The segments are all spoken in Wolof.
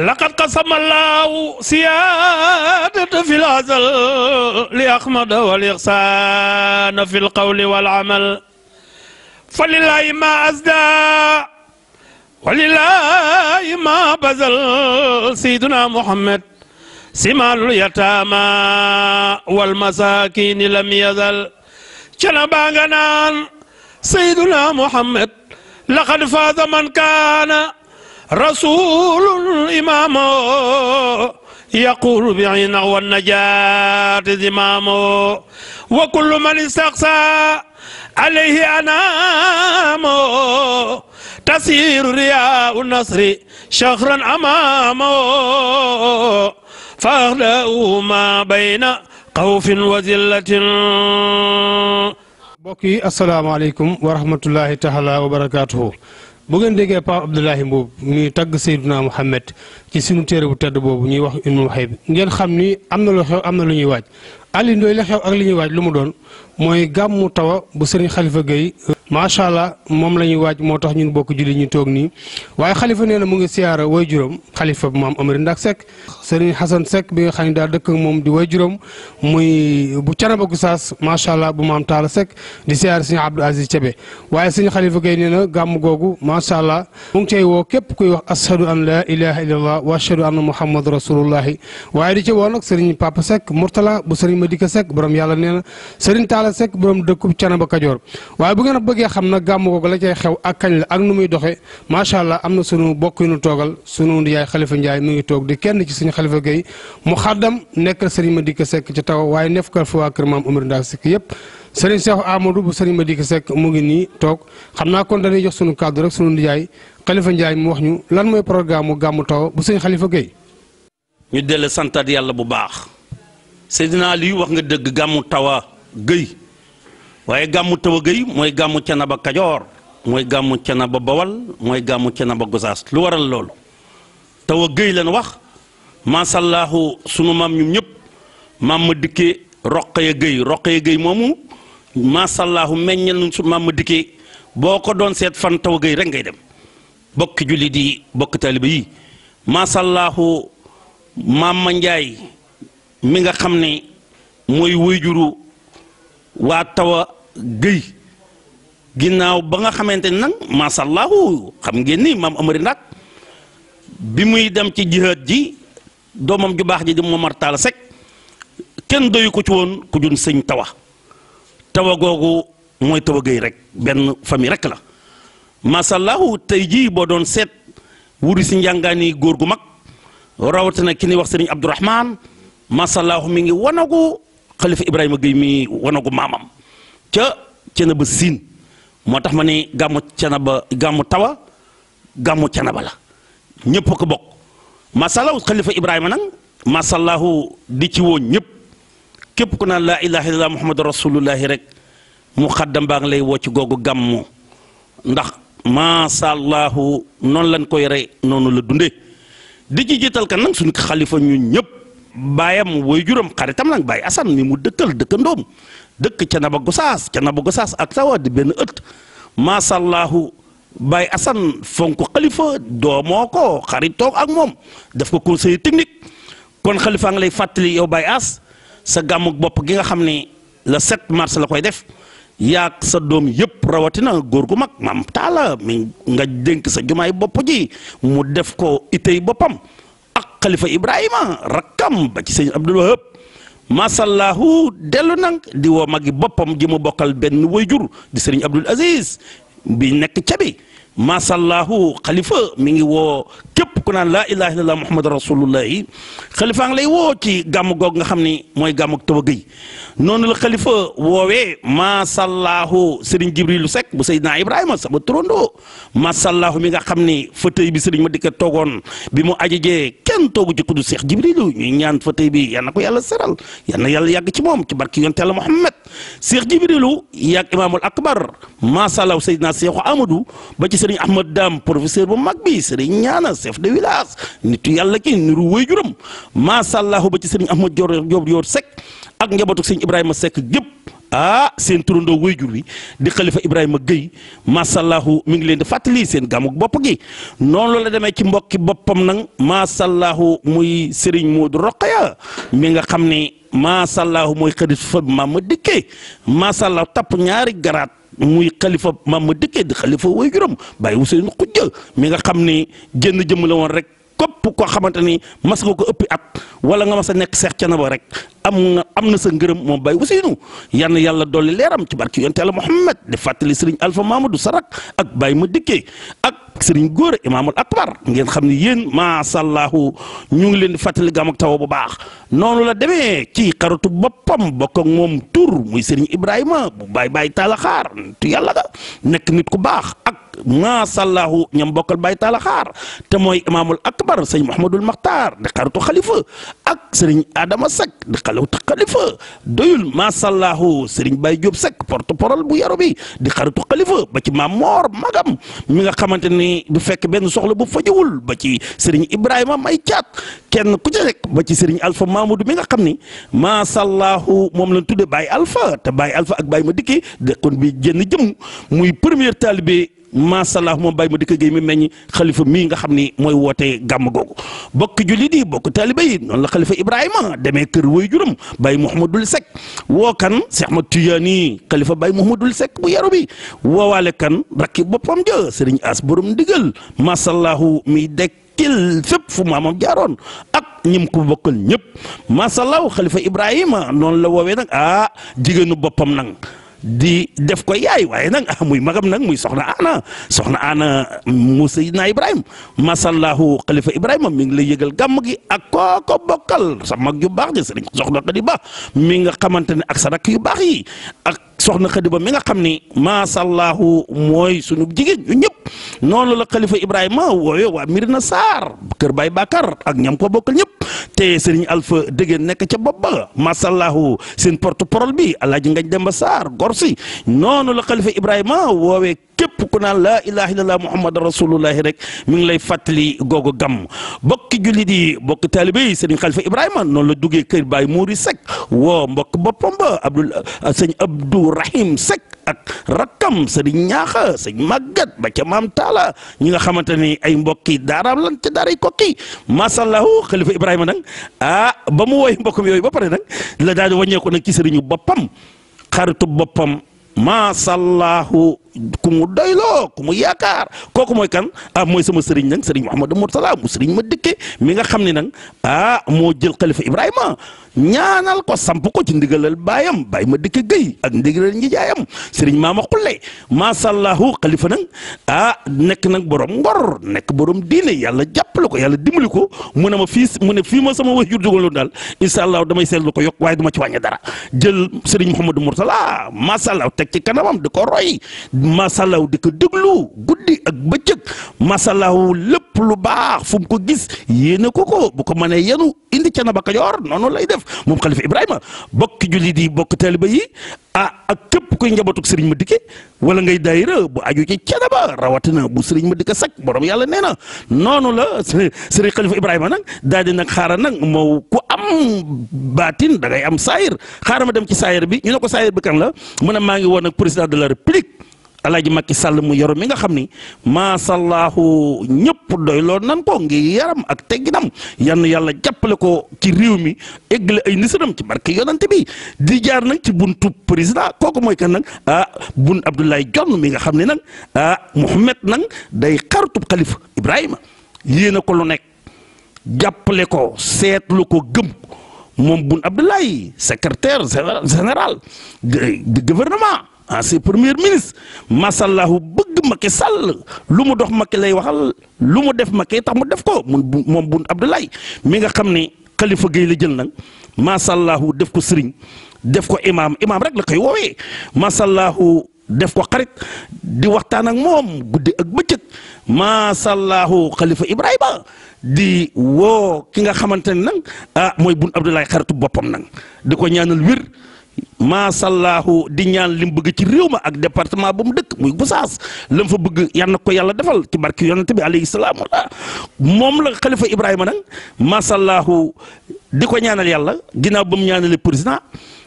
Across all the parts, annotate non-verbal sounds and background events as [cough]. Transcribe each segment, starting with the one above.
laqad qasama allahu siyaadata fi lazal li ahmada wal ixsaana fi lqawli wal amal fa lillaahi ma asda wa lillaahi ma bazal sayyiduna muhammad simaalul yataama wal masaakiini lam yazal cana baa nga naan sayyiduna muhammad laqad faaza man kaana رسول الإمام يقول بعين والنجاة زمام وكل من استقصى عليه أنام تسير رياء النصر شهرا أمامه فأخلأوا ما بين خوف وذلة بكي السلام عليكم ورحمة الله تعالى وبركاته bu ngeen déggee Pape Abdoulahi Mbuub ñuy tagg Seyduna Muhammad ci sunu téere bu tedd boobu ñuy wax Ummul Hayb ngeen xam ni am na lu xew am na lu ñuy waaj Alioune Ndoye la xew ak li waaj lu mu doon mooy gàmmu tawa bu sëriñ Xalifa Gueye macha allah moom la ñuy waaj moo tax ñun bokk julli ñu toog nii waaye xalifa nee na mu ngi siyaara way juróom xalifa bu maam Amari Ndak Seck sëriñ Xasan Seck bi nga xam ne daal dëkk moom di way juróom muy bu Canaba Gusaas macha allah bu maam Taala Seck di siyaara sëriñ Abdou Aziz Cebe waaye sëriñ xalifa Gueye nee na gàmm googu macha allah mu ngi woo képp kuy wax ashadu an la ilaha illallah wa ashadu anna muhammad rasulullahi waaye di ci woo nag sëriñ Papa Seck Mourtala bu sëriñ Madika Seck borom yàlla nee na Serigne Talla Seck borom dëkkub Canaba Kajoor waaye bu ngeen bëggee xam nag gàmm googu la cay xew ak kañ la ak nu muy doxee macha allah am na sunu bokk yu nu toogal sunu yaay Khalifa Ndiaye mi ngi toog di kenn ci suñu Khalifa Gueye mu xaddam nekkal Serigne Madika Seck ci taw waaye neef kër fa waa kër maam Omar Ndaa Seck yëpp Serigne Cheikh Amadou bu Serigne Madika Seck mu ngi nii xam naa kon dañuy jox sunu kàddu rek sunu ndiyaay Khalifa Ndiaye mu wax ñu lan mooy programme mu gàmmu taw bu sëñ Khalifa Gueye ñu dellu santaat yàlla bu baax Seydina Aliou wax nga dëgg gàmmu tawa gëy waaye gàmmu tawa gëy mooy gàmmu Canaba Kajoor mooy gàmmu Canaba Bawal mooy gàmmu Canaba Gosaas lu waral loolu tawa gëy lan wax maasallaahu sunu maam ñum ñëpp maam ma roq roqaya gëy roqaya gëy moomu maasallaahu meññal maam ma dikkee boo ko doon seet fan tawa gëy rek ngay dem bokki jullit yi bokki taaliba yi maasallaahu maam ma Njaay mi nga xam ne mooy wayjuru waa tawa géy ginnaaw ba nga xamante ne nag masallahu xam ngeen ni maam amari ndaak bi muy dem ci jihaad ji doomam ju baax ji di Momar Talla Seck kenn doyu ko ci woon ku jun sëñ tawa tawa googu mooy tawa géy rek benn famille rek la masallahu tey jii boo doon seet wuri si njàngaan yi góor gu mag rawatina ki ni wax sëriñ Abdourahman masallahu mi ngi wanagu xalifa Ibrahima Gueye mi wanagu maamam ca Cenaba Siin moo tax ma ne gàmmu Cenaba gàmmu tawa gàmmu Cenaba la ñëpp ko bokk masallahu xalifa Ibrahima nag masallahu di ci woon ñëpp képp ku naan laa ilaha illallah muhammadu rasulullahi rek mu xaddam baa ngi lay woo ci googu gàmmu ndax masallahu noonu lañ ko yore noonu la dunde di ci jiital kan nag suñu xalifa ñun ñëpp. baayam woy juróom xaritam nag baay Assane mi mu dëkkal dëkkandoom dëkk ca Naba Gosaas ca Naba Gosaas ak sawa di benn ëtt maasallaahu Baye Assane fonk xalifa doomoo ko xaritoo ak moom def ko conseiller technique kon xalifa nga lay fàttali yow Baye As sa gàmmug bopp gi nga xam ne le 7 mars la koy def yaag sa doom yëpp rawatina góor gu mag maam taala mi nga dénk sa jumaay bopp ji mu def ko itey boppam. xalifa Ibrahima rakkam ba ci sëñ Abdul Wahab masallahu dellu nang di woo magi boppam ji mu bokkal benn wayjur di sëriñ Abdul Aziz bi nekk cabi masallahu xalifa mi ngi woo képp ku naan laa ilaha illallah muhammad rasulullahi xalifa ngi lay woo ci gàmm goog nga xam ni mooy gàmm ak Tabaski yi noonu la xalifa woowee masallahu sëriñ jibrilu Seck bu Seydina Ibrahima sama turandoo masallahu mi nga xam ni fauteuil bi sëriñ ma dikka toogoon bi mu ajajee kenn toogu ci kudu Seex jibrilu ñuy ñaan fauteuil bi yal na ko yàlla seral yal na yàlla yàgg ci moom ci barki yonte yàlla Muhammad Seex jibrilu yàgg imaamul akbar masallahu Seydina Seexu Amadou sëriñ Ahmad Dam professeur bu mag bi sëriñ ñaana chef de village nitu yàlla ki niru waajuram macha allah ba ci sëriñ Ahmad Dior Dior Dior Seck ak njabootu sëriñ Ibrahima Seck gépp ah seen turandoo waajur wi di xalifa Ibrahima Guèye macha allah mi ngi leen di fàttali seen gàmmug bopp gi noonu la demee ci mbokki boppam nag macha allah muy sëriñ Modou Rokhaya mi nga xam ne macha allah mooy xarit fa maam ma tapp ñaari garaat. muy xalifa maam ma dëkkee di xalifa way juróom bàyyi wu seen xujja mi nga xam ni jënd jëm la woon rek képp koo xamante ni mas nga ko ëppi at wala nga mas a nekk seex cana ba rek am am na sa ngërëm moom bay wu seenu yan yàlla dolli leeram ci barki yonent Yàlla Muhammad di fàttali sëriñ Alpha Mamadou Sarak ak bay ma dëkkee ak sëriñ góor imaamul akbar ngeen xam ne yéen maasàllaahu ñu ngi leen di fàttali gàmm taw bu baax noonu la demee ci xaratu boppam bokk ak moom tur muy sëriñ Ibrahima bu baay baay taala xaar tu yàlla ga nekk nit ku baax ak maa maasàllaahu ñam bokkal baay taala xaar te mooy imaamul akbar sëñ Mouhamadul Makhtar di xaratu xalifa ak sëriñ Adama Seck di xalifa doyul maasàllaahu sëriñ Baye Diop Seck porte-parole bu yaru bi di xaratu xalifa ba ci maam Magam mi nga ni du fekk benn soxla bu fajowul ba ci sëriñ Ibrahima may caat kenn ku ca rek ba ci sëriñ Alpha Mamadou mi nga xam ni maasallaahu moom lañ tudde Baye alfa te Baye alfa ak bay ma dikki de kon bi génn jëm muy premier talibé maasàllaa moom bàyyi ma dikk géey mi meññ xalifa mii nga xam ni mooy wootee gàmm googu bokk jullit yi bokk taaliba yi noon la xalifa ibrahima demee kër way juram bàyyi mouhamadul sek woo kan Seex Ahmad Tijaani xalifa bàyyi dul sek bu yaru bi kan rakki boppam ja sëriñ as borom ndigal maasàllaahu mi dekk kil fépp fu maamam jaaroon ak ñim ko bokkal ñëpp maasàllaahu xalifa ibrahima noonu la woowee nag ah jigéenu boppam nag di def ko yaay waaye nag ah [laughs] muy magam nag muy soxna ana soxna ana mu Seydina Ibrahima masallahu xalifa Ibrahima mi ngi lay yëgal gàmm gi ak kooko bokkal sa mag yu baax di sëriñ soxna Xadi Ba mi nga xamante ne ak sa rakk yu baax ak soxna Xadi Ba mi nga xam ni masallahu mooy sunu jigéen ñu ñëpp noonu la xalifa Ibrahima wooyee waa Mirina saar Kër Baye Bakar ak ñam ko bokkal ñëpp te Serigne alfa dégg nekk ca bopp ba masallahu seen porte parole bi El Hadj Ngañ Demba Sarr Gorsi noonu la xalifa Ibrahima woowee. la ku naan laa ilaha illallah muhammad rasulullahi rek mi ngi lay fàttali googu gàmm bokki jullit yi bokki taalibe yi sëriñ xalifa ibrahima noonu la duggee kër baay muuri sek woo mbokk boppam ba abdul sëñ abdourahim sek ak rakkam sëriñ ñaaxa sëñ màggat ba ca taala ñi nga xamante ni ay mbokki daaraam lan ca daaray kokki masallahu xalifa ibrahima nag ah ba mu wooy mbokkam yooyu ba pare nag la daal di wàññeeku nag ci sëriñu boppam xaritu boppam masallahu ku mu doyloo ku mu yaakaar kooku mooy kan ah mooy sama sëriñ nag sëriñ Mouhamadou Mourtala mu sëriñ ma dëkke mi nga xam ne nag ah moo jël xalifa Ibrahima ñaanal ko samp ko ci ndigalal baayam baay ma dikk gëy ak ndigalal njijaayam sëriñ maama xulle masallahu xalifa nag ah nekk nag borom ngor nekk borom diine yàlla jàppale ko yàlla dimbali ko mu ne ma fii mu ne fii ma sama waajur dugaloon daal incha allah damay seetlu ko yokk waaye duma ci wàññi dara jël sëriñ Mouhamadou Mourtala masallahu teg ci kanamam di ko roy masallahu di ko déglu guddi ak bëccëg masallahu lépp lu baax fu ko gis yéene ko ko bu ko mënee yenu indi Thiénaba Kajoor noonu lay def moom xalifa Ibrahima bokk jullit yi bokk taaliba yi ah ak képp kuy njabootug ma Madické wala ngay daayira bu aju ci Thiénaba rawatina bu Serigne Madické Seck borom yàlla nee na noonu la Serigne xalifa Ibrahima nag daal di nag xaaral nag moo ku am baatin da ngay am saayir xaaral ma dem ci saayir bi ñu ne ko saayir bi kan la mu ne maa ngi woon ak président de la république. alaaji Macky Sall mu yor mi nga xam ni maasallaahu ñëpp doy loon nan ko ngi yaram ak tegginam yann yàlla jàppale ko ci réew mi eggle ay nisanam ci barke yonante bi di jaar nag ci buntu président kooku mooy kan nag ah bun Abdoulaye jon mi nga xam ne nag ah Mouhamed nag day xaritub xalifa Ibrahima yéena ko lu nekk jàppale ko seetlu ko gëm moom bun Abdoulaye secrétaire général du gouvernement ancien premier ministre masallahu bëgg Macky Sall lu mu dox Macky lay waxal lu mu def Macky tax mu def ko mun moom Boun Abdallah mi nga xam ne Khalifa Gueye la jël nag masallahu def ko sëriñ def ko imaam imaam rek la koy woowee masallahu def ko xarit di waxtaan ak moom guddi ak bëccëg masallahu Khalifa Ibrahima di woo ki nga xamante ne nag ah mooy bun Abdallah xaritu boppam nag di ko ñaanal wér. maasallaahu di ñaan li mu bëgg ci réew ma ak département bu mu dëkk muy Gossas la mu fa bëgg yal ko yàlla defal ci barki yonent bi alayhi salaam moom la xalifa Ibrahima nag maasallaahu di ko ñaanal yàlla ginnaaw ba mu ñaanalee président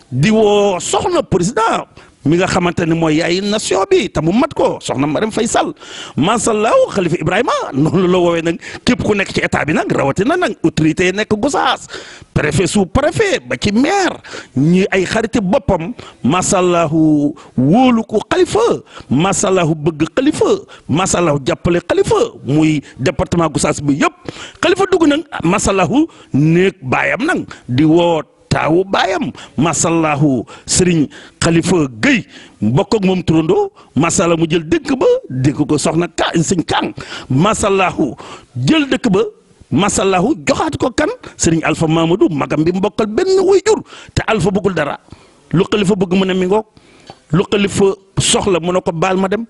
di woo soxna président. mi nga xamante ne mooy yaay nation bi te mu mat ko soxna Marème fay sal masallahu xalifa Ibrahima noonu la woowee nag képp ku nekk ci état bi nag rawatina nag autorité yi nekk Gosaas préfet su préfet ba ci maire ñi ay xariti boppam masallahu wóolu ko xalifa masallahu bëgg xalifa masallahu jàppale xalifa muy département Gosaas bi yëpp xalifa dugg nag masallahu néeg baayam nag di woot. taawu baayam masallahu sëriñ xalifa Guèye bokk moom turandoo masala mu jël dëkk ba dëkk ko soxna ka sëñ Kang masallahu jël dëkk ba masallahu joxaat ko kan sëriñ Alpha Mamadou magam bi mbokkal benn waajur te Alpha bëggul dara lu xalifa bëgg mu ne mi ngoog lu xalifa soxla mu ne ko baal ma dem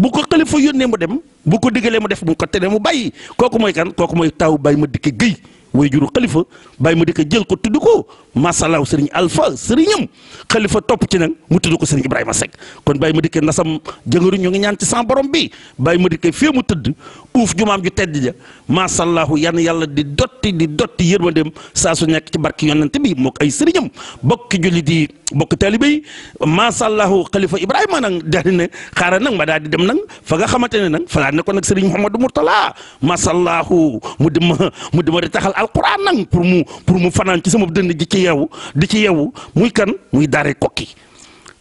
bu ko xalifa yónnee mu dem bu ko diggalee mu def bu ko teree mu bàyyi kooku mooy kan kooku mooy taawu bàyyi ma dikk Guèye way juru xalifa bàyyi ma di ko jël ko tudd ko masalaw sëriñ alpha sëriñam xalifa topp ci nag mu tudd ko sëriñ ibrahima Seck kon bàyyi ma di ke nasam jëngaru ñu ngi ñaan ci san borom bi bàyyi ma di ko fii mu tëdd uuf jumaam ju tedd ja masallahu yan yàlla di dotti di dotti yërmandeem saa su nekk ci barki yonante bi moo ko ay sëriñam bokki julli di bokk taalibe yi masallahu xalifa ibrahima nag daal di ne xaaral nag ma daal di dem nag fa nga xamante ne nag fa laa nekkoon nag sëriñ mouhamadou mourtala masallahu mu dima mu alquran nag pour mu pour mu fanaan ci sama dënd di ci yeewu di ci yeewu muy kan muy daaray kokki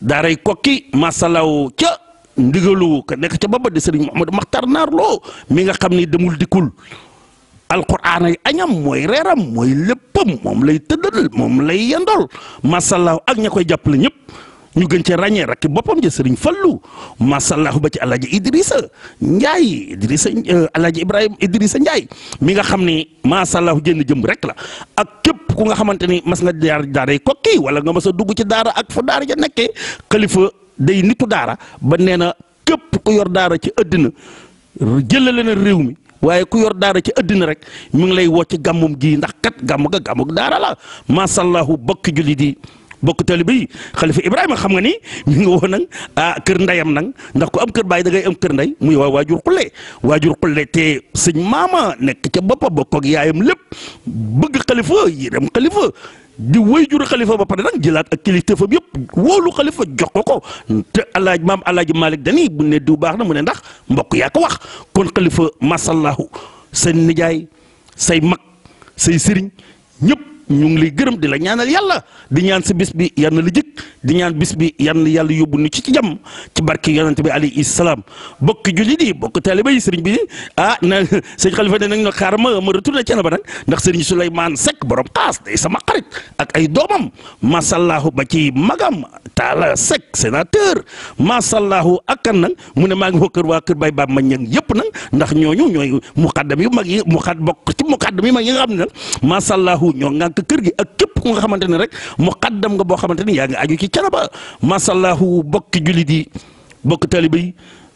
daaray kokki masalaw ca ndigalu ka nekk ca baba di sëriñ Mouhamadou Makhtar Naar loo mi nga xam ni demul dikkul alquran ay añam mooy reeram mooy léppam moom lay tëddal moom lay yendol masalaw ak ña koy jàppale ñëpp ñu gën cee ràññee rakki boppam je sëriñ fallu masallahu ba ci alaaji idrissa njaay idrissa euh, alaaji ibrahima idrissa njaay mi nga xam ni masallahu jënn jëm rek la ak képp ku nga xamante ni mas nga jaar daaray kokki wala nga mas a dugg ci daara ak fu daara ja nekkee xalifa day nitu daara ba nee na képp ku yor daara ci àddina jëlale na réew mi waaye ku yor daara ci àddina rek mi ngi lay woo ci gàmmum gii ndax kat gàmm ga gàmmuk daara la masallahu bokki julli di bokk taalibe yi xalifa Ibrahima xam nga ni mi nga woon nag ah kër ndeyam nag ndax ku am kër baay da ngay am kër ndey muy waa waajur xulle waajur xulle te sëñ maama nekk ca boppa bokk yaayam lépp bëgg xalifa yërëm xalifa di wéy juru xalifa ba pare nag jëlaat ak kilifteefam yëpp wolu xalifa jox ko ko te alaaj maam alaaji Malick dani bu ne diw baax na mu ne ndax mbokk yaa ko wax kon xalifa masallahu seen nijaay say mag say sëriñ ñëpp ñu ngi lay gërëm di la ñaanal yàlla di ñaan sa bis bi yal na la jëkk di ñaan bis bi yal na yàlla yóbbu nu ci ci jam ci barke yonent bi alayhi salaam bokk jullit yi bokk taaliba yi sëriñ bi ah na [laughs] sëñ xalifa ne nag na xaar ma ma retourné ci na ba nag ndax sëriñ Souleymane Seck borom xaas day sama xarit ak ay doomam masallahu ba ci magam taala Seck sénateur masallahu ak kan nag mu ne maa ngi kër waa kër bay baab ma ñëng yëpp nag ndax ñooñu ñooy muqaddam yu mag yi muqad bokk ci muqaddam yu mag yi nga xam ne nag masallahu ñoo ngànk kër gi ak képp ku nga xamante ne rek muqaddam nga boo xamante ni yaa ngi aju ci canaba masallahu bokki jullit yi bokk taliba yi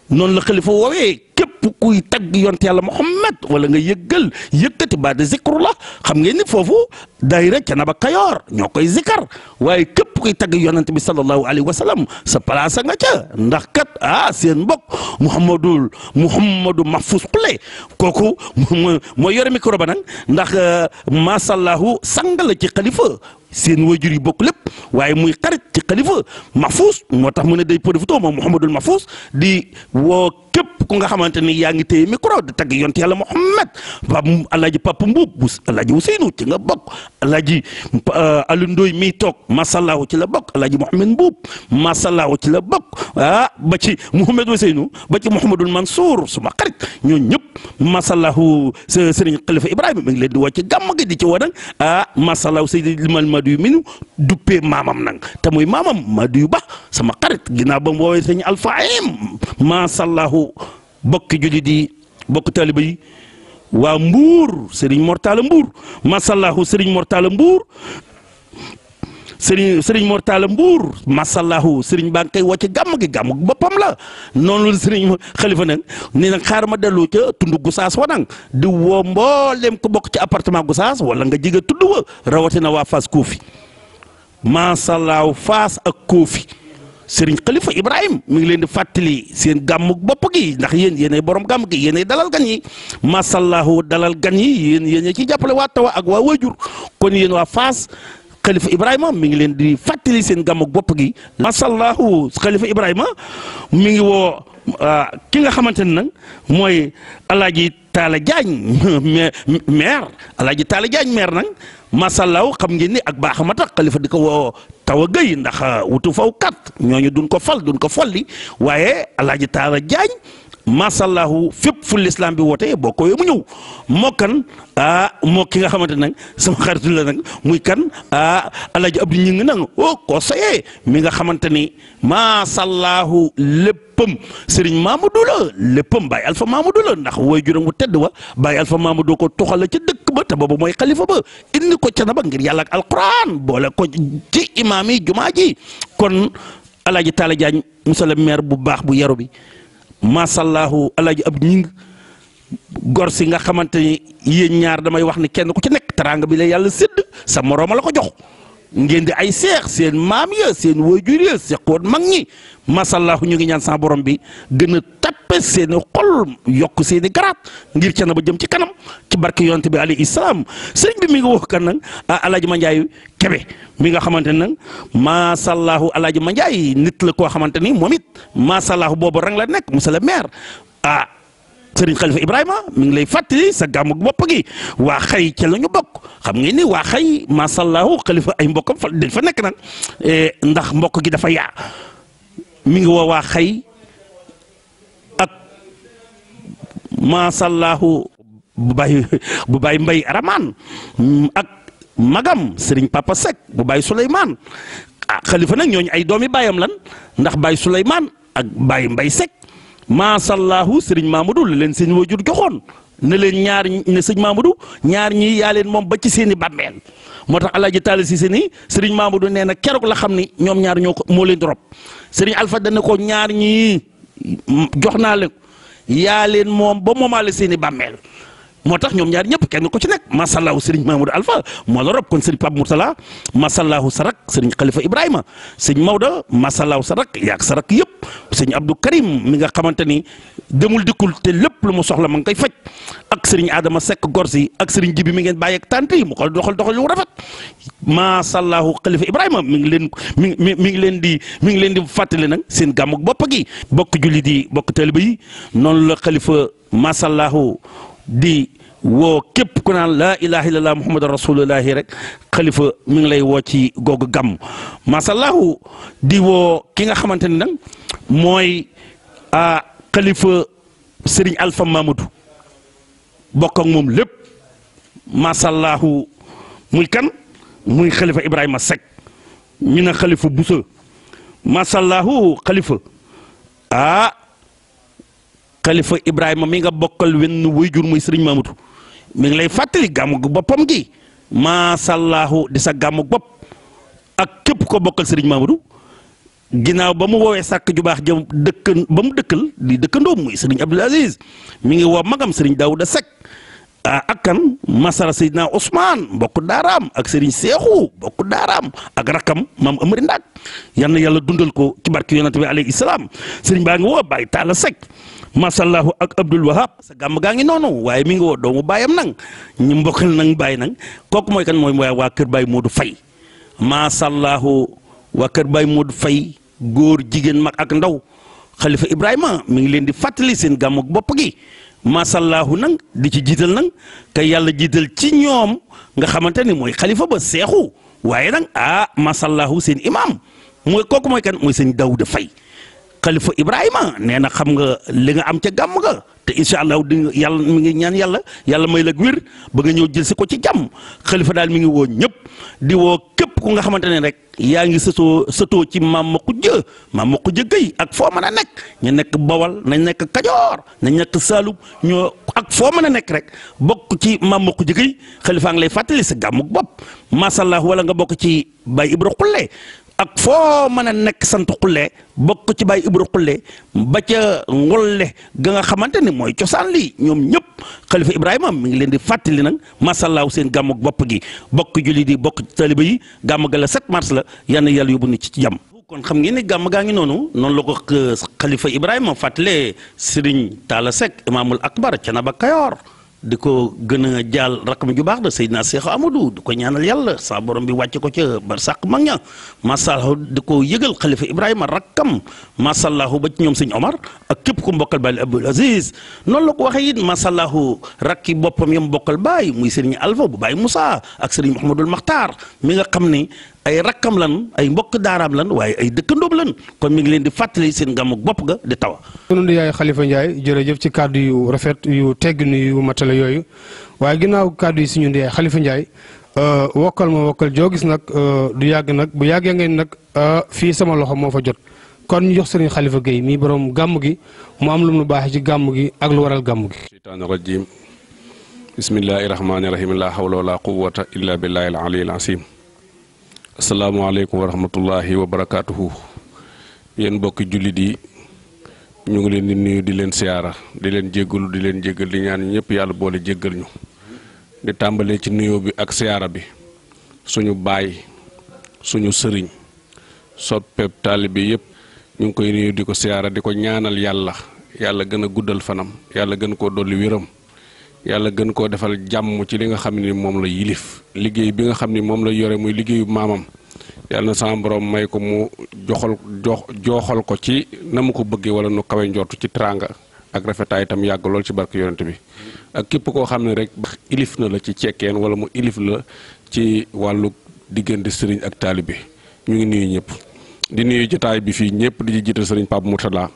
noonu la xalifa woowee képp kuy tagg yont yàlla Muhammad wala nga yëggal yëkkati ba de zikru la xam ngeen ni foofu na ba Kayoor ñoo koy zikar waaye képp kuy tagg yonent bi sallallahu alayhi wa sallam sa place nga ca ndax kat ah seen mbokk Muhammadul Muhammadu Mahfous Khoule kooku [laughs] moo yore micro ba nag ndax eh, masallahu sang la ci xalifa seen wajur yi bokk lépp waaye muy xarit ci xalifa Mahfouz moo tax mu ne day profité moom Mouhamadul Mahfouz di woo képp képp ku nga xamante ni yaa ngi téye micro di tagg yont yàlla Muhammad pap alaaji papa mbuub bu alaaji Ousseynou ci nga bokk alaaji euh, Aliou Ndoy mi toog masallahu ci la bokk alaaji Mouhamed mbuub masallahu ci la bokk ah ba ci Mouhamed Ousseynou ba ci Mouhamadul Mansour suma xarit ñoo ñëpp masallahu sëriñ Xalifa Ibrahima mi ngi leen di wàcc gàmm gi di ci wanag ah masallahu Seydi Limaal Madiyu minu duppee maamam nang te muy maamam Madiyu Ba sama xarit ginnaaw ba mu woowee sëñ masallahu bokki jullit di bokki taaliba yi waa Mbour Serigne Mortala Mbour masallahu Serigne Mortala Mbour Serigne Serigne Mortala Mbour masallahu Serigne baa ngi koy wàcce gàmm gi gàmm boppam la noonu la Serigne Khalifa nag nee na xaar ma delloo ca tund Gosaas wa nag di woo mboolem ko bokk ci apartement Gosaas wala nga jege tund wa rawatina waa fas Kofi masallahu fas ak Kofi. sëriñ Khalifa Ibrahim mu ngi leen di fàttali seen gàmmug bopp gi ndax yéen yéenay borom gàmm gi yéenay dalal gan yi masallahu dalal gan yi yéen yéen ci jàppale waa Tawa ak waa Wajur kon yéen waa fas Khalifa Ibrahima mi ngi leen di fàttali seen gàmmug bopp gi masallahu Khalifa Ibrahima mi ngi woo. Euh, ki nga xamante ne nag mooy alaaji Taala Jaañ maire alaaji Taala Jaañ maire nag masalaw xam ngeen ni ak baax ma tax xalifa di ko woo taw a gëy ndax wutu faw kat ñooñu duñ ko fal duñ ko folli waaye alaaji Taala Jaañ masallahu fépp fu lislaam bi wootee boo ko mu ñëw moo kan ah moo nga xamante nag sama xaritu la nag muy kan ah alaaji abdu ñi ngi nang o oh, ko sayee mi nga xamante ni masallahu léppam sëriñ Mamadou la léppam Baye Alpha Mamadou la ndax woy juróom wu tedd wa Baye Alpha Mamadou ko tuxala ca dëkk ba te boobu mooy xalifa ba indi ko ca na ba ngir yàlla ak alquran boole ko ci imaam yi kon alaaji Taala Jaañ monsieur le maire bu baax bu yaru bi maasallaahu alaaji ab ñing gor si nga xamante ni yéen ñaar damay wax ni kenn ku ci nekk teraanga bi la yàlla sédd sa morooma la ko jox ngeen di ay seex seen maam ya seen waajur ya seqoon mag ñi masallahu ñu ngi ñaan saa borom bi gën a tappe seen i xol yokk seen i garaat ngir cana ba jëm ci kanam ci barke yonte bi alayhi salaam sëriñ bi mi ngi wax kan nag alaaji manjaay kebe mi nga xamante ne nag masallahu alaaji manjaay nit la koo xamante ni moom it masallahu boobu rang la nekk monsieur le maire ah sëriñ xalifa ibrahima mu ngi lay fàttali sa gàmmu bopp gi waa xëy ca la ñu bokk xam ngeen ni waa xay masallahu xalifa ay mbokkam fa dañ fa nekk nag eh, ndax mbokk gi dafa yaa mi ngi woo waa xay ak masallahu bu bàyyi bu bàyyi mbay aramaan ak magam sëriñ papa Seck bu bàyyi Souleymane ah xalifa nag ñooñu ay doomi bàyyam lan ndax bàyyi Souleymane ak bàyyi mbay Seck masallahu sëriñ Mamadou la leen seen wajur joxoon ne leen ñaar ne sëñ Mamadou ñaar ñii yaa leen moom ba ci seen i bàmmeel moo tax El Hadj Talla Cissé nii sëriñ Mamadou nee na keroog la xam ni ñoom ñaar ñoo ko moo leen di rob sëriñ Alpha dana ko ñaar ñii jox naa leen yaa leen moom ba moomaale seen i bàmmeel moo tax ñoom ñaar ñëpp kenn ko ci nekk masallahu sëriñ Mamadou Alpha moo la rob kon sëriñ Pape Mourtala masallahu sarak sëriñ Khalifa Ibrahima sëñ Maodo masallahu sarak yaak sarak yëpp sëñ Abdou Karim mi nga xamante ni demul dikkul te lépp lu ma soxla ma ngi koy faj ak sëriñ Adama Seck Gorsi ak sëriñ Jibi mi ngeen bàyyi ak tante yi mu xool doxal doxal yu rafet masallahu Khalifa Ibrahima mi ngi leen mi mi mi ngi leen di mi ngi leen di fàttali nag seen gàmmug bopp gi bokk jullit yi bokk taalibe noonu la Khalifa masallahu di woo képp ku naan laa ilaha illallah muhammadu rasulullahi rek xalifa mu ngi lay woo ci googu gàmm masallahu di woo ki nga xamante ni nag mooy a xalifa sëriñ alfa mamadou bokk ak moom lépp masallahu muy kan muy xalifa ibrahima Seck ñu ne xalifa busa masallahu xalifa ah kalifa Ibrahima mi nga bokkal wenn wayjur muy sëriñ Mamadou mi ngi lay fàttali gàmmu boppam gi maasallaahu di sa gàmmu bopp ak képp ko bokkal sëriñ Mamadou ginnaaw ba mu woowee sàkk ju baax jëm dëkk ba mu dëkkal di dëkkandoom muy sëriñ Abdul Aziz mi ngi woo magam sëriñ Daouda Seck ak kan masara Seydina Ousmane mbokku daaraam ak sëriñ Seexu mbokku daaraam ak rakam maam Amari Ndak yal yàlla dundal ko ci barke yonent bi alayhi salaam sëriñ baa ngi woo masallahu ak Abdul Wahab sa gàmm gaa ngi noonu waaye mi ngi woo doomu baayam nang ñu mbokkal nang baay nang kooku mooy kan mooy waa kër baay Modou Faye masallahu waa kër baay Modou Faye góor jigéen mag ak ndaw xalifa Ibrahima mi ngi leen di fàttali seen gàmmu bopp gi masallahu nang di ci jiital nang ka yàlla jiital ci ñoom nga xamante ni mooy xalifa ba seexu waaye nag ah masallahu seen imaam mooy kooku mooy kan mooy seen Daouda Faye xalifa Ibrahima nee na xam nga li nga am ca gàmm nga te incha allah di yàlla mi ngi ñaan yàlla yàlla may la wér ba nga ñëw jël si ko ci jàmm xalifa daal mi ngi woo ñëpp di woo képp ku nga xamante ne rek yaa ngi sëtoo sëtoo ci maam ma jë maam ma ku jë gëy ak foo mën a nekk ñu nekk Bawal nañ nekk Kajoor nañ nekk Saalum ñoo ak foo mën a nekk rek bokk ci maam ma ku jë gëy xalifaa ngi lay fàttali sa gàmmuk bopp macha allah wala nga bokk ci Baye Ibra Xulle ak foo mën a nekk sant xulle bokk ci bàyyi ibra xulle ba ca ngolle ga nga xamante ne mooy cosaan lii ñoom ñëpp xalifa ibrahima mu ngi leen di fàttali nag masallaaw seen gàmmug bopp gi bokk julli di bokk taliba yi gàmm ga la set mars la yàlla yàlla yóbbu ni ci jàmm kon xam ngeen ni gàmm gaa ngi noonu noonu la ko xalifa ibrahima fàttalee sëriñ taala sek imaamul akbar ca na ba kayoor di ko gën a jaal rakam ju baax da Seydina Cheikh Amadou di ko ñaanal yàlla sa borom bi wàcce ko ca barsàq mag ña masallahu di ko yëgal xalifa Ibrahima rakkam masallahu ba ci ñoom sëñ Omar ak képp ku mbokkal baay Abdul Aziz la ko waxee it masallahu rakki boppam yam mbokkal baay muy sëriñ Alpha bu baay Moussa ak sëriñ Mouhamadul Makhtar mi nga xam ne ay rakkam lan ay mbokk daaraam lan waaye ay dëkkandoom lan kon mi ngi leen di fàttali seen gàmmug bopp ga di tawa sunu yaay Khalifa Ndiaye jërëjëf ci kàddu yu rafet yu tegginu yu matale yooyu waaye ginnaaw kàddu yi suñu yaay Khalifa Ndiaye euh, wokkal ma wokkal joo gis nag euh, du yàgg nag bu yàggee ngeen nag euh, fii sama loxo moo fa jot kon ñu jox xalifa Khalifa Gueye mii borom gàmm gi mu am lu mu baax ci gàmm gi ak lu waral gàmm gi. sheytaani rajim bismillahi rahmaani rahim la hawla wala quwwata illa billahi al asalaamaaleykum wa rahmatullahi wa barakaatuhu yéen mbokki jullit yi ñu ngi leen di nuyu di leen siyaara di leen jéggalu di leen jéggal di ñaan ñëpp yàlla boole jéggal ñu di tàmbalee ci nuyo bi ak siyaara bi suñu baay suñu sëriñ soppeeb bi yëpp ñu ngi koy nuyu di ko siyaara di ko ñaanal yàlla yàlla gën a guddal fanam yàlla gën koo dolli wéram yàlla gën koo defal jàmm ci li nga xam ni moom la yilif liggéey bi nga xam ni moom la yore muy liggéeyu maamam yàlla na sama boroom may ko mu joxal jox jooxal ko ci na mu ko bëggee wala nu kawe njortu ci teraanga ak rafetaay itam yàgg lool ci barke yonent bi ak képp koo xam ne rek ilif na la ci cekkeen wala mu ilif la ci wàllu diggante sëriñ ak taalibe mu ngi nii ñëpp di nuyu jotaay bi fii ñëpp di jiital sëriñ Pape Mourtala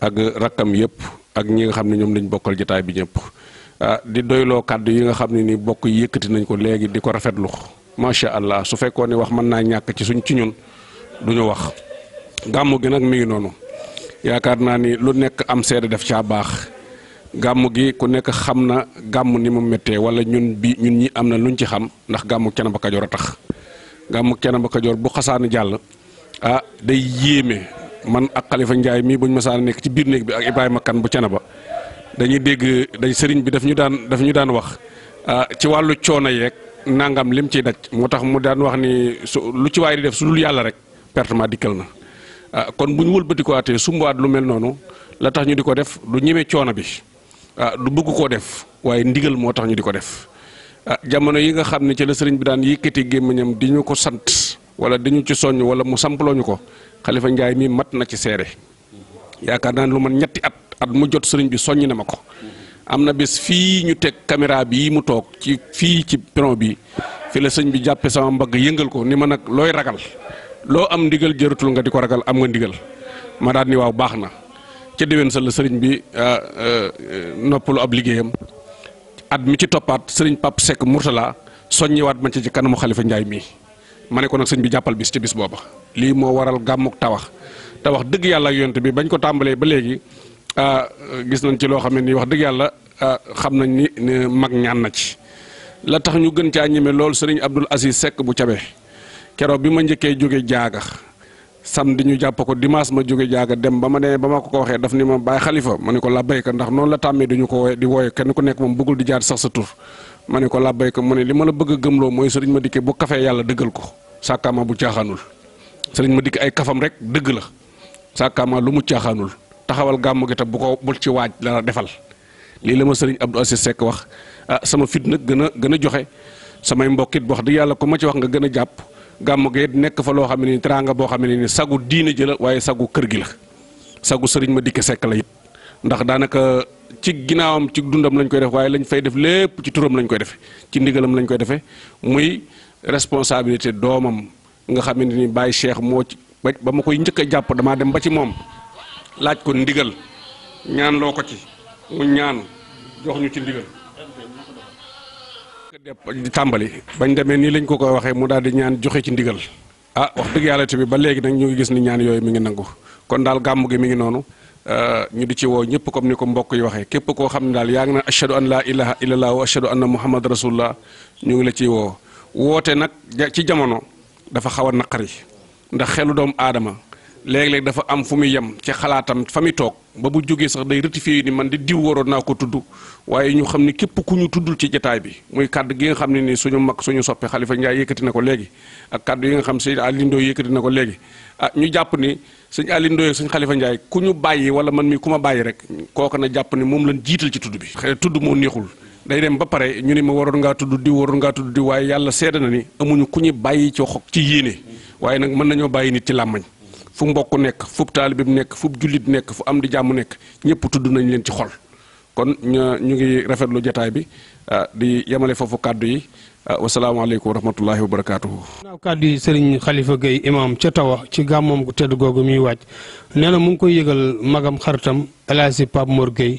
ak rakkam yëpp ak ñi nga xam ne ñoom lañ bokkal jotaay bi ñëpp Ah, di doyloo kàddu yi nga xam ne ni bokk yëkkati nañ ko léegi di ko rafetlu macha allah su fekkoon ne wax mën naa ñàkk ci suñ ci ñun du ñu wax gàmmu gi nag mi ngi noonu yaakaar naa ni lu nekk am seede def caa baax gàmm gi ku nekk xam na gàmm ni mu méttee wala ñun bi ñun ñi am na luñ ci xam ndax gàmmu Thiénaba Kajoor a tax gàmmu Thiénaba Kajoor bu xasaan jàll ah day yéeme man ak Khalifa Ndiaye mii buñ masaana nekk ci biir néeg bi ak ma kan bu Thiénaba dañuy dégg dañ sëriñ bi daf ñu daan daf ñu daan wax ah, ci wàllu coono yeeg nangam lim ciy daj moo tax mu daan wax ni su lu ci waay di def su dul yàlla rek perte ma dikkal na ah, kon bu ñu wëlbati ko atee sumbaat lu mel noonu la tax ñu di ko def du ñeme coono bi ah, du bëgg koo def waaye ndigal moo tax ñu di ko def jamono yi nga xam ne ci la sëriñ bi daan yëkkati gémmiñam di ñu ko sant wala di ñu ci soññ wala mu sampaloo ko xalifa njaay mii mat na ci seere yaakaar naa ne lu man ñetti at at mu jot sëriñ bi soññ na ma ko am na bis fii ñu teg caméra bii mu toog ci fii ci peron bi fi la sëñ bi jàppe sama mbagg yëngal ko ni ma nag looy ragal loo am ndigal jëratul nga di ko ragal am nga ndigal ma daal ni waaw baax na ca déwén sa la sëriñ bi euh, euh, noppalu ab liggéeyam at mi ci toppaat sëriñ papp sekk Mourtala soññiwaat ma ci ci kanamu xalifa Ndiaye mii ma ne ko nag sëñ bi jàppal bis ci bis booba lii moo waral gàmmu tawax te wax dëgg yàlla ak yonent bi bañ ko tàmbalee ba léegi ah, gis nañ ci loo xam ne nii wax dëgg yàlla ah, xam nañ ni mag ñaan na ci la tax ñu gën caa ñeme lool sëriñ Abdul Aziz sekk bu cabe keroog bi ma njëkkee jóge jaaga di ñu jàpp ko dimanche ma jóge jaaga dem ba ma nee ba ma ko ko waxee daf ni ma baay xalifa ma ne ko labbayka ndax noonu la tàmmee duñu ko wooye di wooye kenn ku nekk moom bëggul di jaar sax sa tur ma ne ko labbayka mu ne li ma la bëgg a gëmloo mooy sëriñ ma dikkee bu kafee yàlla dëggal ko sàkkaama bu caaxaanul sëriñ ma dikkee ay kafam rek dëgg la sàkkaamaa lu mu caaxaanul taxawal gàmmu gi tam bu ko bul ci waaj dara defal lii la ma sëriñ Abdou Aziz Seck wax ah sama fit nag gën a gën a joxe samay mbokkit wax di yàlla ku ma ci wax nga gën a jàpp gàmmu gi nekk fa loo xam ne nii teraanga boo xam ne nii sagu diine jëla waaye sagu kër gi la sagu sëriñ ma dikke Seck la it ndax daanaka ci ginnaawam ci dundam lañ koy def waaye lañ fay def lépp ci turam lañ koy defe ci ndigalam lañ koy defee muy responsabilité doomam nga xamante ni Baye Cheikh moo ba ba ma koy njëkk a jàpp damaa dem ba ci moom laaj ko ndigal ñaan loo ko ci mu ñaan jox ñu ci ndigal tàmbali bañ demee nii lañ ko koy waxee mu daal di ñaan joxe ci ndigal ah wax dëgg yàlla bi ba léegi nag ñu ngi gis ni ñaan yooyu mi ngi nangu kon daal gàmm gi mi ngi noonu euh, ñu di ci woo ñëpp comme ni ko mbokk yi waxee képp koo xam ne daal yaa ngi naan ashadu an laa ilaha illallah wa ashadu anna muhammad rasulullah ñu ngi la ciy woo woote nag ci jamono dafa xaw a naqari ndax xelu doomu aadama léeg-léeg dafa am fu muy yem ci xalaatam fa muy toog ba bu jógee sax day rectifier yi ni man di diw waroon naa ko tudd waaye ñu xam ne képp ku ñu tuddul ci jataay bi muy kàddu gi nga xam ne ni suñu mag suñu soppe Xalifa Njaay yëkkati na ko léegi ak kàddu yi nga xam sëñ Alindoo yëkkati na ko léegi ah ñu jàpp ni sëñ Alindoo ak sëñ Xalifa Njaay ku ñu bàyyi wala man mi ku ma bàyyi rek kooka na jàpp ne moom lañ jiital ci tudd bi xëy tudd moo neexul day dem ba pare ñu ni ma waroon ngaa tudd diw waroon ngaa tudd diw waaye yàlla seede na ni amuñu ku ñu bàyyi ci xog ci yéene waaye nag mën nañoo bàyyi nit ci làmmañ fu mbokk nekk fu taalibe bi nekk fu jullit nekk fu am di jàmm nekk ñëpp tudd nañ leen ci xol kon ñu ngi rafetlu jataay bi ah, di yemale foofu kàddu yi ah, wasalaamaaleykum wa rahmatullahi wa barakaatuhu. naaw kàddu yi Serigne Khalifa Gueye imaam ca Tawa ci gàmmoom gu tedd googu muy wàcc nee na mu ngi koy yëgal magam xaritam El Hadj Pape Mor Gueye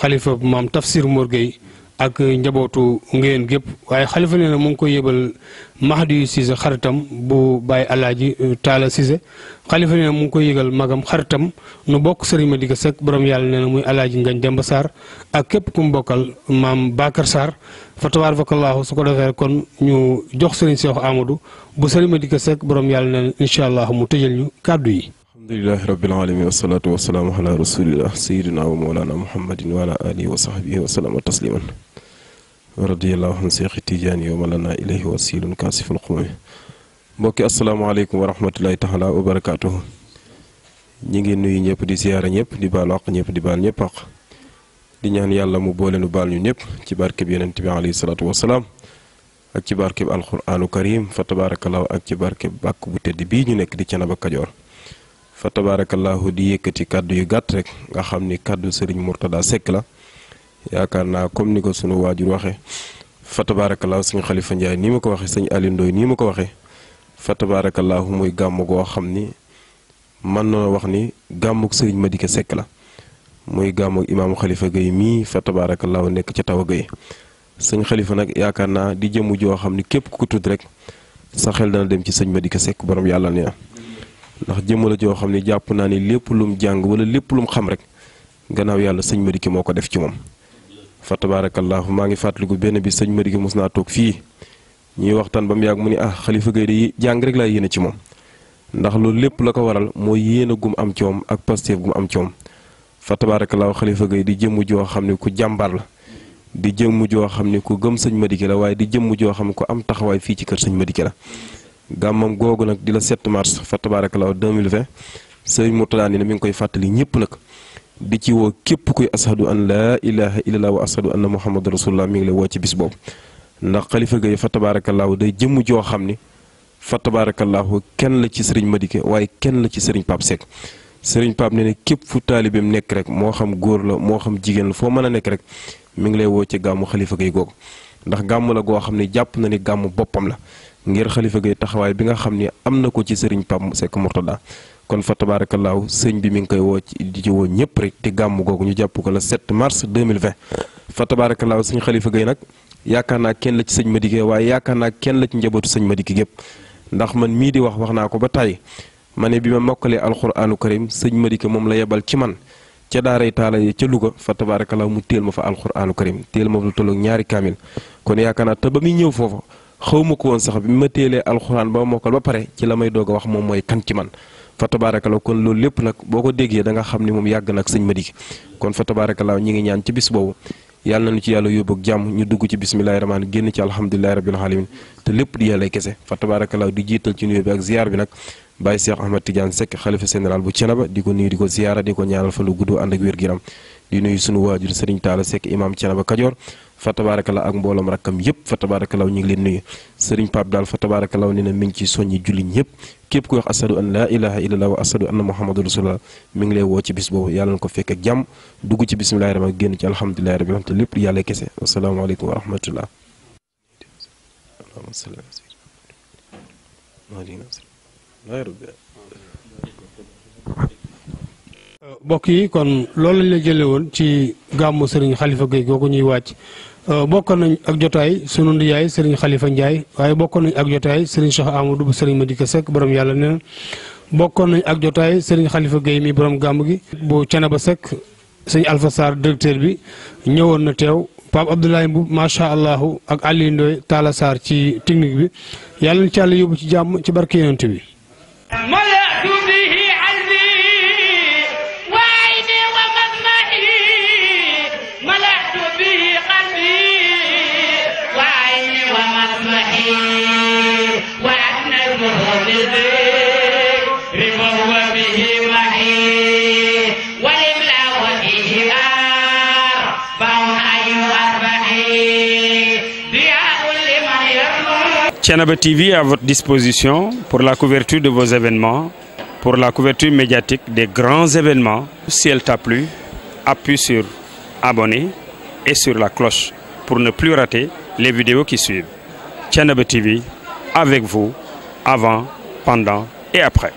xalifa maam Tafsir Mor Gueye ak njabootu ngeen gépp waaye xalifa nee na mu ngi ko yëbal Mahdi Cissé xaritam bu bàyyi alaaji euh, Taala Cissé xalifa nee na mu ngi ko yëgal magam xaritam nu bokk sëriñ Madické Seck borom yàlla nee na muy alaaji Ngagne Demba saar ak képp ku mu bokkal maam Bakar Sarr fa tabaarakallaahu su ko defee kon ñu jox sëriñ Seexu Amadou bu ma dikk Seck borom yàlla nee na incha allah mu tëjal ñu kàddu yi. alhamdulilahi rabbil alamin wasalaatu wasalaamu ala rasulillah sayidina radiyallahu an seexi tijaani yow ma lana ilayhi wasilun kaasiful xumami mbokki asalaamaaleykum wa rahmatullahi taala wa barakaatuhu ñi ngi nuyu ñëpp di siyaara ñëpp di baal waq ñëpp di baal ñëpp waq di ñaan yàlla mu boole nu baal ñu ñëpp ci barkeb yonent bi alayhi salaatu wasalaam ak ci barkeb alquraanu karim fa tabaarakallaahu ak ci barkeb bàkk bu tedd bii ñu nekk di Thiénaba Kajoor fa tabaarakallaahu di yëkkati kàddu yu gàtt rek nga xam ni kàddu sëriñ Mourtada Seck la yaakaar naa comme ni ko sunu waajur waxee fa tabaarakallaahu sëñ Xalifa Ndiaye nii ma ko waxee sëñ alindooy nii ma ko waxee fa tabaarakallaahu muy gàmm goo xam ni man na wax ni gàmmug sëriñ Madike Seck la muy gàmmug imaamu Xalifa Gueye mii fa tabaarakallaahu nekk ca taw a Gueye sëñ Xalifa nag yaakaar naa di jëmm joo xam ni képp ku ko tudd rek sa xel dana dem ci sëñ Madike Seck borom yàlla nee na ndax jëmm la joo xam ni jàpp naa ni lépp lum jàng wala lépp lum xam rek gannaaw yàlla sëñ Madike moo ko def ci moom. fa tabaarakallaahu maa ngi fàttaliku benn bi sëñ Madick mos naa toog fii ñuy waxtaan ba mu yàgg mu ni ah xalifa Gueye di jàng rek laa yéene ci moom ndax loolu lépp la ko waral mooy yéene gum am coom ak pasteef gum am coom fa tabaarakallaahu Khalifa Gueye di jëmm joo xam ne ku jàmbaar la di jëmm joo xam ne ku gëm sëñ Madick la waaye di jëm joo xam ne ku am taxawaay fii ci kër sëñ Madick la gàmmam googu nag di la 7 mars fa tabaarakallaahu 2020 sëñ Mourtada ni mi ngi koy fàttali ñëpp nag di ci woo képp kuy ashadu an laa ilaha illallah wa ashadu anna muhammadu rasulullah mi ngi lay woo ci bis boobu ndax xalifa gay fa tabaarakallaahu day jëmm joo xam ni fa tabaarakallaahu kenn la ci sëriñ Madike waaye kenn la ci sëriñ Pape Seck sëriñ Pape nee ne képp fu taalibeem nekk rek moo xam góor la moo xam jigéen la foo mën a nekk rek mu ngi lay woo ci gàmmu xalifa gay googu ndax gàmm la goo xam ne jàpp na ni gàmmu boppam la ngir xalifa gay taxawaay bi nga xam ni am na ko ci sëriñ Pape Seck Mourtada kon fa tabaarakallaahu sëñ bi mi ngi koy woo di ci woo ñëpp rek te gàmmu googu ñu jàpp ko le 7 mars 2020 fa tabaarakallaahu sëñ Xalifa gay nag yaakaar naa kenn la ci sëñ Madické waaye yaakaar naa kenn la ci njabootu sëñ Madické gépp ndax man mii di wax wax naa ko ba tàyyi ma ne bi ma mokkalee alquraanu karim sëñ Madické moom la yebal ci man ca daaray taala yi ca Louga fa tabaarakallaahu mu téel ma fa alquraanu karim téel moom lu tolloog ñaari kaamil kon yaakaar naa te ba muy ñëw foofa xaw ma ko woon sax bi ma téelee alxuraan ba mokkal ba pare ci la may doog wax moom mooy kan ci man fa tabaarakalaw kon loolu lépp nag boo ko déggee danga xam ni moom yàgg na ak sëñ Madické kon fa tabaarakalaw ñi ngi ñaan ci bis boobu yàlla nañu ci yàlla yóbbu ak jàmm ñu dugg ci bisimilahi rahmaani génn ci alhamdulilahi rabil alamin te lépp di yàlla kese fa tabaarakalaw di jiital ci nuyoo bi ak ziar bi nag Baye Cheikh Ahmad Tidiane Seck xalifa général bu Thiénaba di ko nuyu di ko ziara di ko ñaanal fa lu gudd ànd ak wér-gu-yaram di nuyu sunu waajur Serigne Talla Seck imam Thiénaba Kajoor fa tabaarakala ak mbooloom rakkam yëpp fa tabaarakalaw ñu ngi leen nuyu sëriñ Pape daal fa tabaarakalaw nee na mi ngi ci soññi julliñ yëpp képp ku wax asadu an laa ilaha illallah wa asadu anna muhammadu rasulullah mi ngi lay woo ci bis boobu yàlla na ko fekk jàmm dugg ci bismillahi rahmaan génn ci alhamdulilahi rabbil alamin lépp yàlla kese asalaamaaleykum wa rahmatullah Allahumma Euh, bokk yi kon loolu lañ la jëlee woon ci gàmmu Serigne Khalifa Gueye googu ñuy wàcc euh, bokkoon nañ ak jotaay sunu ndiyaay Serigne xalifa Ndiaye waaye bokkoon nañ ak jotaay Serigne Cheikh Amadou bu ma Madika Seck boroom yàlla nee na bokkoon nañ ak jotaay Serigne xalifa Gueye mi boroom gàmm gi bu Cenaba Seck sëñ Alpha Sarr directeur bi ñëwoon na teew Pape Abdoulaye Mboub macha allah ak Aliou Ndoye Talla ci technique bi yàlla na ci yàlla yóbbu ci jàmm ci barke yonent bi Thiénaba TV est à votre disposition pour la couverture de vos événements, pour la couverture médiatique des grands événements. Si elle t'a plu, appuie sur abonner et sur la cloche pour ne plus rater les vidéos qui suivent. Thiénaba TV, avec vous, avant, pendant et après.